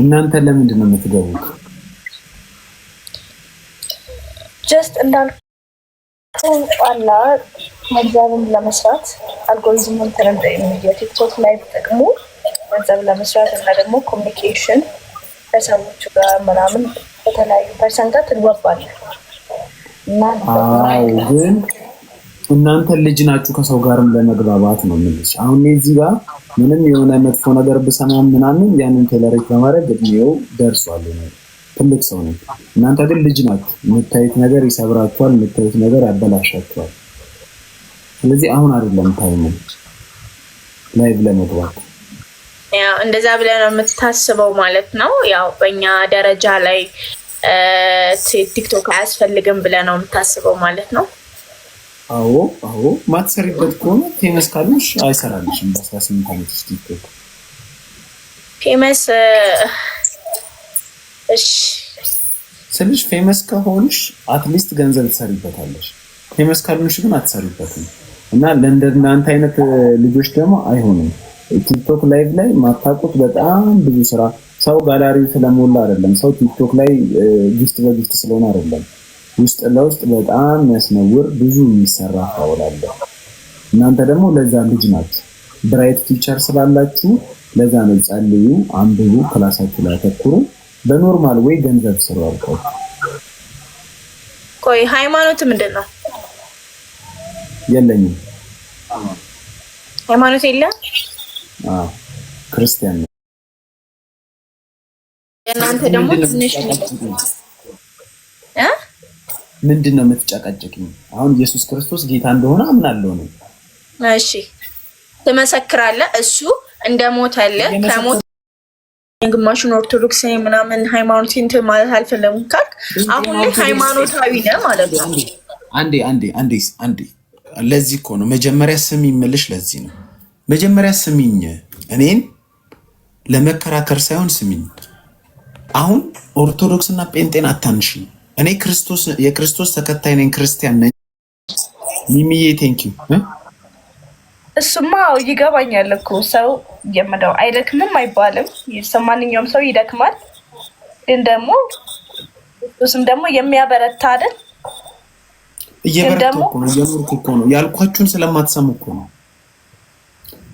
እናንተ ለምንድን ነው የምትገቡት? ጀስት እንዳልኩህ አላ ለመስራት አልጎሪዝም ተረዳ የቲክቶክ ላይ ተጠቅሞ ገንዘብ ለመስራት እና ደግሞ ኮሚኒኬሽን ከሰዎቹ ጋር ምናምን በተለያዩ ፐርሰንታት ትግባባለህ እና ግን እናንተ ልጅ ናችሁ ከሰው ጋርም ለመግባባት ነው የምልሽ። አሁን እዚህ ጋር ምንም የሆነ መጥፎ ነገር ብሰማ ምናምን ያንን ቴለሬት ለማድረግ እድሜው ደርሷል፣ ትልቅ ሰው ነው። እናንተ ግን ልጅ ናችሁ። የምታዩት ነገር ይሰብራችኋል፣ የምታዩት ነገር ያበላሻችኋል። ስለዚህ አሁን አይደለም ታይሙ ላይቭ ለመግባት እንደዛ ብለህ ነው የምትታስበው ማለት ነው። ያው በእኛ ደረጃ ላይ ቲክቶክ አያስፈልግም ብለህ ነው የምታስበው ማለት ነው። አዎ አዎ፣ ማትሰሪበት ከሆነ ፌመስ ካለሽ አይሰራልሽም። በ18 ዓመት ውስጥ ይቆ ፌመስ እሺ ስልሽ ፌመስ ከሆንሽ አትሊስት ገንዘብ ትሰሪበታለሽ። ፌመስ ካልሆንሽ ግን አትሰሪበትም። እና ለእንደናንተ አይነት ልጆች ደግሞ አይሆንም። ቲክቶክ ላይቭ ላይ ማታውቁት በጣም ብዙ ስራ ሰው ጋላሪ ስለሞላ አይደለም፣ ሰው ቲክቶክ ላይ ጊፍት በጊፍት ስለሆነ አይደለም ውስጥ ለውስጥ በጣም የሚያስነውር ብዙ የሚሰራ ፋውል አለ። እናንተ ደግሞ ለዛ ልጅ ናት። ብራይት ፊቸር ስላላችሁ ለዛ ነው። ጸልዩ፣ አንብቡ፣ ክላሳችሁ ላይ አተኩሩ። በኖርማል ወይ ገንዘብ ስሩ አልከው። ቆይ ሃይማኖት ምንድን ነው? የለኝም ሃይማኖት የለም። ክርስቲያን ነው። እናንተ ደግሞ ትንሽ ምንድን ነው የምትጨቀጭቅኝ? አሁን ኢየሱስ ክርስቶስ ጌታ እንደሆነ አምናለሁ ነው። እሺ ትመሰክራለህ፣ እሱ እንደሞተልህ ከሞት ግማሹን ኦርቶዶክስ ምናምን ሃይማኖት እንትን ማለት አልፈለግም ካልክ አሁን ላይ ሃይማኖታዊ ነህ ማለት ነው። አንዴ አንዴ አንዴ አንዴ፣ ለዚህ እኮ ነው መጀመሪያ ስሚኝ የምልሽ። ለዚህ ነው መጀመሪያ ስሚኝ፣ እኔን ለመከራከር ሳይሆን ስሚኝ። አሁን ኦርቶዶክስና ጴንጤን አታንሽኝ። እኔ ክርስቶስ የክርስቶስ ተከታይ ነኝ፣ ክርስቲያን ነኝ። ሚሚዬ ቴንኪው። እሱማ ይገባኛል እኮ ሰው የምለው አይደክምም አይባልም። ማንኛውም ሰው ይደክማል፣ ግን ደግሞ እሱም ደግሞ የሚያበረታ አይደል? እየበረታሁ እኮ ነው እየኖርኩ እኮ ነው። ያልኳችሁን ስለማትሰሙ እኮ ነው።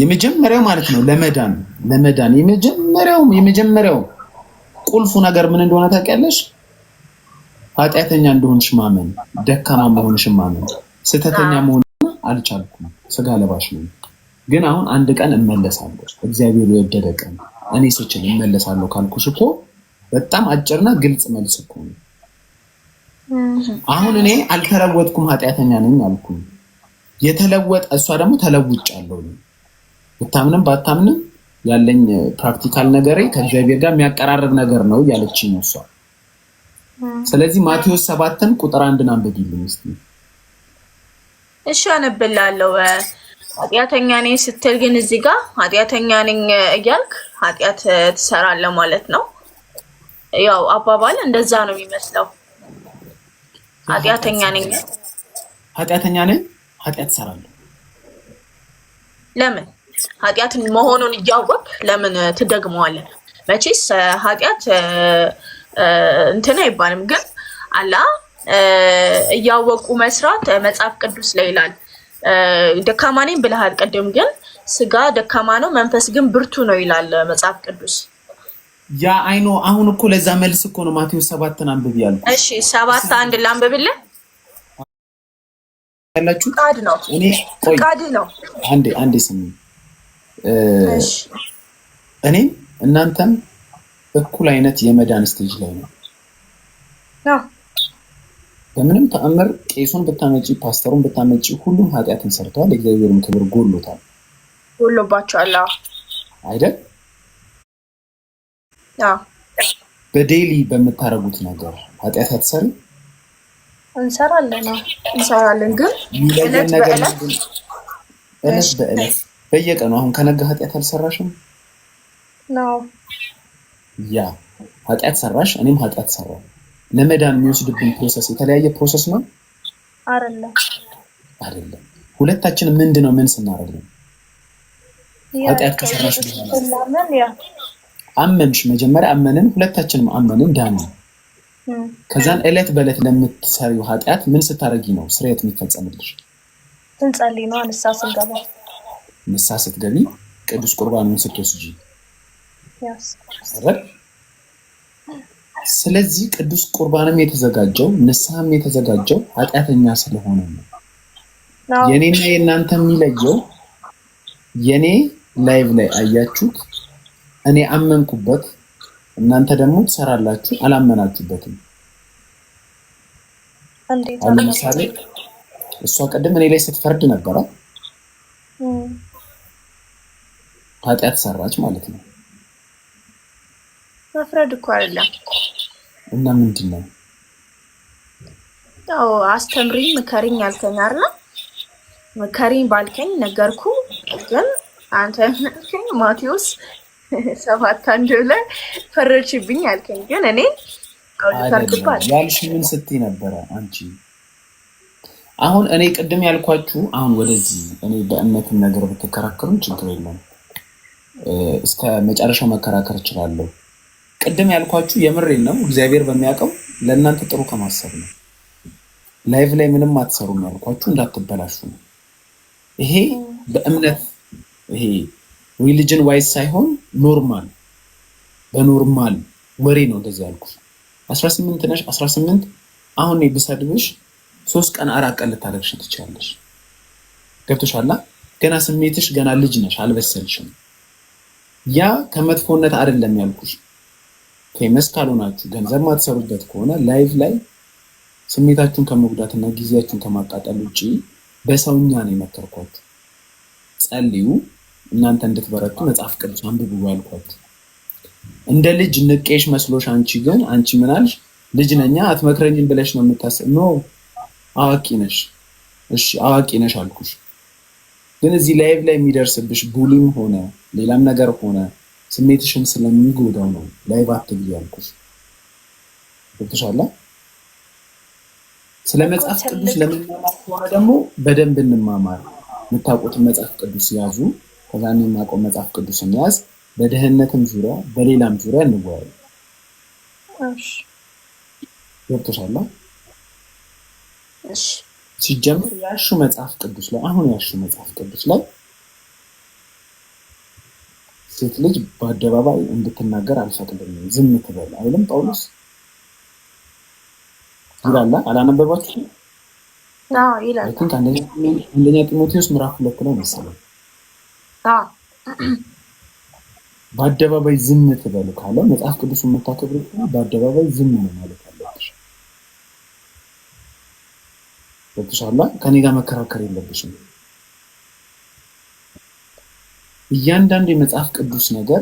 የመጀመሪያው ማለት ነው ለመዳን ለመዳን የመጀመሪያውም የመጀመሪያው ቁልፉ ነገር ምን እንደሆነ ታውቂያለሽ? ኃጢአተኛ እንደሆንሽ ማመን፣ ደካማ መሆንሽ ማመን፣ ስህተተኛ መሆን አልቻልኩም፣ ስጋ ለባሽ ነው። ግን አሁን አንድ ቀን እመለሳለሁ፣ እግዚአብሔር የወደደ ቀን እኔ ስችል እመለሳለሁ ካልኩሽ እኮ በጣም አጭርና ግልጽ መልስ እኮ ነው። አሁን እኔ አልተለወጥኩም፣ ኃጢአተኛ ነኝ አልኩኝ። የተለወጠ እሷ ደግሞ ተለውጫለሁ። ብታምንም ባታምንም ያለኝ ፕራክቲካል ነገሬ ከእግዚአብሔር ጋር የሚያቀራርብ ነገር ነው እያለችኝ እሷ ስለዚህ ማቴዎስ ሰባትን ቁጥር አንድን አንብቢልኝ እስኪ። እሺ አነብላለሁ። ኃጢአተኛ ነኝ ስትል ግን እዚህ ጋር ኃጢአተኛ ነኝ እያልክ ኃጢአት ትሰራለህ ማለት ነው። ያው አባባል እንደዛ ነው የሚመስለው። ኃጢአተኛ ነኝ ኃጢአተኛ ነኝ ኃጢአት ትሰራለህ። ለምን ኃጢአትን መሆኑን እያወቅ ለምን ትደግመዋለህ? መቼስ ኃጢአት እንትን አይባልም። ግን አላ እያወቁ መስራት መጽሐፍ ቅዱስ ላይ ይላል ደካማ ነኝ ብለሃል ቅድም። ግን ስጋ ደካማ ነው፣ መንፈስ ግን ብርቱ ነው ይላል መጽሐፍ ቅዱስ። ያ አይኖ አሁን እኮ ለዛ መልስ እኮ ነው ማቴዎስ ሰባትን አንብብ ያሉ። እሺ ሰባት አንድ ላንብብልህ ያላችሁ ቃድ ነው እኔ ቃድ ነው። አንዴ አንዴ ስሚ እኔ እናንተም እኩል አይነት የመዳን ስቴጅ ላይ ነው። በምንም ተአምር ቄሱን ብታመጪ፣ ፓስተሩን ብታመጪ ሁሉም ኃጢአትን ሰርተዋል። የእግዚአብሔርን ክብር ጎሎታል፣ ጎሎባቸዋል አይደል? በዴይሊ በምታደርጉት ነገር ኃጢአት አትሰሪ? እንሰራለን፣ እንሰራለን ግን እለት በእለት በየቀኑ አሁን ከነጋ ኃጢአት አልሰራሽም ነው ያ ኃጢአት ሰራሽ፣ እኔም ኃጢአት ሰራ። ለመዳን የሚወስድብን ፕሮሰስ የተለያየ ፕሮሰስ ነው አይደለም? ሁለታችን ምንድን ነው ምን ነው ኃጢአት ከሰራሽ አመንሽ፣ መጀመሪያ አመንን፣ ሁለታችንም አመንን፣ ዳን ከዛን እለት በእለት ለምትሰሪው ኃጢአት ምን ስታደርጊ ነው ስርየት የሚፈጸምልሽ? ስንጸልይ ነው። ንስሐ ስንገባ፣ ንስሐ ስትገቢ ቅዱስ ቁርባንን ስትወስጂ ስለዚህ ቅዱስ ቁርባንም የተዘጋጀው ንስሐም የተዘጋጀው ኃጢአተኛ ስለሆነ ነው። የኔና የእናንተ የሚለየው የኔ ላይቭ ላይ አያችሁት፣ እኔ አመንኩበት፣ እናንተ ደግሞ ትሰራላችሁ፣ አላመናችሁበትም። አሁን ለምሳሌ እሷ ቅድም እኔ ላይ ስትፈርድ ነበረ፣ ኃጢአት ሰራች ማለት ነው። መፍረድ እኮ አይደለም እና ምንድን ነው ያው አስተምሪኝ፣ ምከሪኝ ያልከኝ አለ። ምከሪኝ ባልከኝ ነገርኩ። ግን አንተ ያልከኝ ማቴዎስ ሰባት አንድ ብለህ ፈረድሽብኝ አልከኝ። ግን እኔ ያልሽ ምን ስትይ ነበረ አንቺ? አሁን እኔ ቅድም ያልኳችሁ አሁን ወደዚህ እኔ በእምነትም ነገር ብትከራከሩም ችግር የለም። እስከ መጨረሻው መከራከር እችላለሁ። ቅድም ያልኳችሁ የምሬን ነው። እግዚአብሔር በሚያውቀው ለእናንተ ጥሩ ከማሰብ ነው። ላይቭ ላይ ምንም አትሰሩም ያልኳችሁ እንዳትበላሹ ነው። ይሄ በእምነት ይሄ ሪሊጅን ዋይዝ ሳይሆን ኖርማል በኖርማል ወሬ ነው እንደዚህ ያልኩ። 18 ነሽ 18 አሁን ብሰድብሽ ሶስት ቀን አራት ቀን ልታደርግሽ ትችላለሽ። ገብቶሻላ። ገና ስሜትሽ ገና ልጅ ነሽ፣ አልበሰልሽም። ያ ከመጥፎነት አይደለም ያልኩሽ ፌመስ ካልሆናችሁ ገንዘብ ማትሰሩበት ከሆነ ላይቭ ላይ ስሜታችሁን ከመጉዳትና ጊዜያችሁን ከማቃጠል ውጭ በሰውኛ ነው የመከርኳት። ጸልዩ፣ እናንተ እንድትበረቱ መጽሐፍ ቅዱስ አንብቡ ያልኳት። እንደ ልጅ ንቄሽ መስሎሽ አንቺ ግን አንቺ ምናልሽ ልጅ ነኛ አትመክረኝም ብለሽ ነው የምታስብ። ኖ አዋቂ ነሽ። እሺ አዋቂ ነሽ አልኩሽ። ግን እዚህ ላይቭ ላይ የሚደርስብሽ ቡሊም ሆነ ሌላም ነገር ሆነ ስሜትሽን ስለሚጎዳው ነው ላይቭ አትግቢ ያልኩሽ። ገብቶሻል? ስለ መጽሐፍ ቅዱስ ለምንማማር ከሆነ ደግሞ በደንብ እንማማር። የምታውቁትን መጽሐፍ ቅዱስ ያዙ፣ ከዛ የማውቀው መጽሐፍ ቅዱስ እንያዝ። በድህነትም ዙሪያ በሌላም ዙሪያ እንወያዩ። ገብቶሻል? ሲጀምር ያሹ መጽሐፍ ቅዱስ ላይ አሁን ያሹ መጽሐፍ ቅዱስ ላይ ሴት ልጅ በአደባባይ እንድትናገር አልፈቅድም፣ ዝም ትበል አይልም ጳውሎስ ይላላ። አላነበባችሁ? አንደኛ ጢሞቴዎስ ምዕራፍ ሁለት ላይ መሰለኝ በአደባባይ ዝም ትበሉ ካለ መጽሐፍ ቅዱስ የምታከብሩ በአደባባይ ዝም ነው ማለት አለብሽ። ገብቶሻል? ከኔ ጋር መከራከር የለብሽም። እያንዳንዱ የመጽሐፍ ቅዱስ ነገር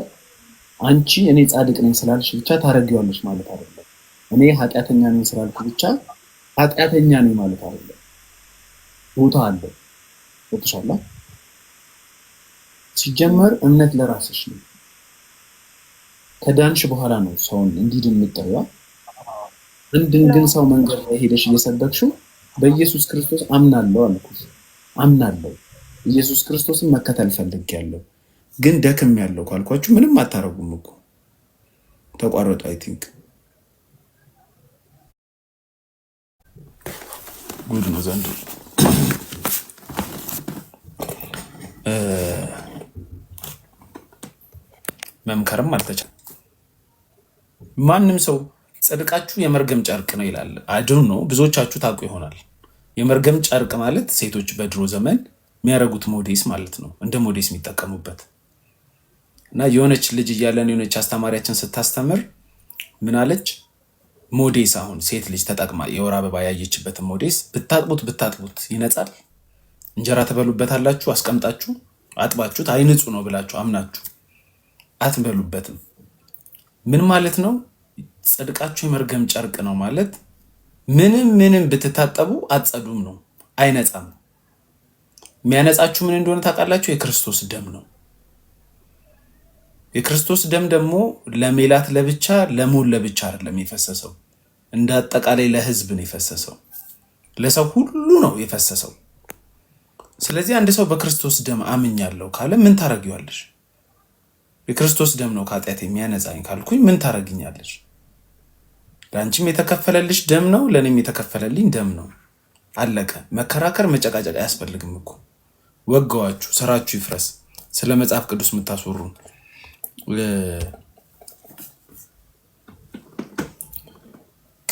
አንቺ እኔ ጻድቅ ነኝ ስላልሽ ብቻ ታረጊዋለሽ ማለት አይደለም። እኔ ኃጢአተኛ ነኝ ስላልኩ ብቻ ኃጢአተኛ ነኝ ማለት አይደለም። ቦታ አለ ወጥሻላ። ሲጀመር እምነት ለራስሽ ነው። ከዳንሽ በኋላ ነው ሰውን እንዲድ የምጠዋ። አንድን ግን ሰው መንገድ ላይ ሄደሽ እየሰበክሽው በኢየሱስ ክርስቶስ አምናለሁ አልኩ፣ አምናለሁ ኢየሱስ ክርስቶስን መከተል ፈልግ ያለው ግን ደክም ያለው ካልኳችሁ ምንም አታረጉም እኮ ተቋረጡ። አይ ቲንክ ጉድ ነው ዘንድሮ። መምከርም አልተቻለ። ማንም ሰው ጽድቃችሁ የመርገም ጨርቅ ነው ይላል። አድሩ ነው ብዙዎቻችሁ ታውቁ ይሆናል። የመርገም ጨርቅ ማለት ሴቶች በድሮ ዘመን የሚያደርጉት ሞዴስ ማለት ነው። እንደ ሞዴስ የሚጠቀሙበት እና የሆነች ልጅ እያለን የሆነች አስተማሪያችን ስታስተምር ምን አለች? ሞዴስ አሁን ሴት ልጅ ተጠቅማ የወር አበባ ያየችበትን ሞዴስ ብታጥቡት ብታጥቡት ይነጻል፣ እንጀራ ትበሉበታላችሁ፣ አስቀምጣችሁ አጥባችሁት አይንጹ ነው ብላችሁ አምናችሁ አትበሉበትም። ምን ማለት ነው? ጽድቃችሁ የመርገም ጨርቅ ነው ማለት ምንም ምንም ብትታጠቡ አትጸዱም ነው፣ አይነጻም። የሚያነጻችሁ ምን እንደሆነ ታውቃላችሁ? የክርስቶስ ደም ነው። የክርስቶስ ደም ደግሞ ለሜላት ለብቻ ለሙን ለብቻ አይደለም የፈሰሰው፣ እንደ አጠቃላይ ለህዝብ ነው የፈሰሰው፣ ለሰው ሁሉ ነው የፈሰሰው። ስለዚህ አንድ ሰው በክርስቶስ ደም አምኛለሁ ካለ ምን ታረጊዋለሽ? የክርስቶስ ደም ነው ከኃጢአት የሚያነጻኝ ካልኩኝ ምን ታረግኛለሽ? ለአንቺም የተከፈለልሽ ደም ነው፣ ለእኔም የተከፈለልኝ ደም ነው። አለቀ። መከራከር መጨቃጨቅ አያስፈልግም እኮ። ወገዋችሁ፣ ስራችሁ ይፍረስ። ስለ መጽሐፍ ቅዱስ የምታስወሩን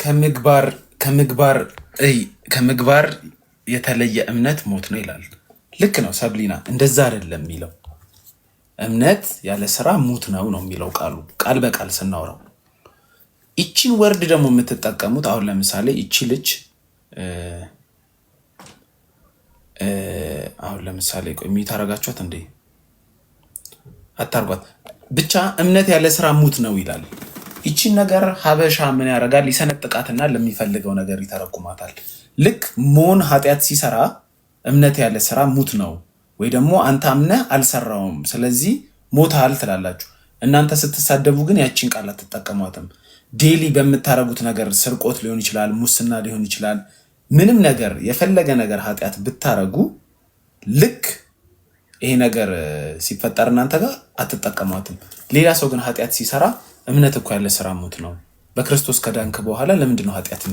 ከምግባር ከምግባር ከምግባር የተለየ እምነት ሞት ነው ይላል። ልክ ነው ሰብሊና፣ እንደዛ አይደለም የሚለው እምነት ያለ ስራ ሞት ነው ነው የሚለው ቃሉ ቃል በቃል ስናወራው። ይቺን ወርድ ደግሞ የምትጠቀሙት አሁን ለምሳሌ ይቺ ልጅ አሁን ለምሳሌ ቆይ እንዴ አታርጓት ብቻ እምነት ያለ ስራ ሙት ነው ይላል። ይቺን ነገር ሀበሻ ምን ያደርጋል? ይሰነጥቃትና ለሚፈልገው ነገር ይተረጉማታል። ልክ ሞን ኃጢአት ሲሰራ እምነት ያለ ስራ ሙት ነው ወይ ደግሞ አንተ አምነህ አልሰራውም ስለዚህ ሞታል ትላላችሁ። እናንተ ስትሳደቡ ግን ያቺን ቃል አትጠቀሟትም። ዴሊ በምታደረጉት ነገር ስርቆት ሊሆን ይችላል፣ ሙስና ሊሆን ይችላል። ምንም ነገር የፈለገ ነገር ኃጢአት ብታረጉ ልክ ይሄ ነገር ሲፈጠር እናንተ ጋር አትጠቀሟትም። ሌላ ሰው ግን ኃጢአት ሲሰራ እምነት እኮ ያለ ስራ ሞት ነው። በክርስቶስ ከዳንክ በኋላ ለምንድን ነው ኃጢአት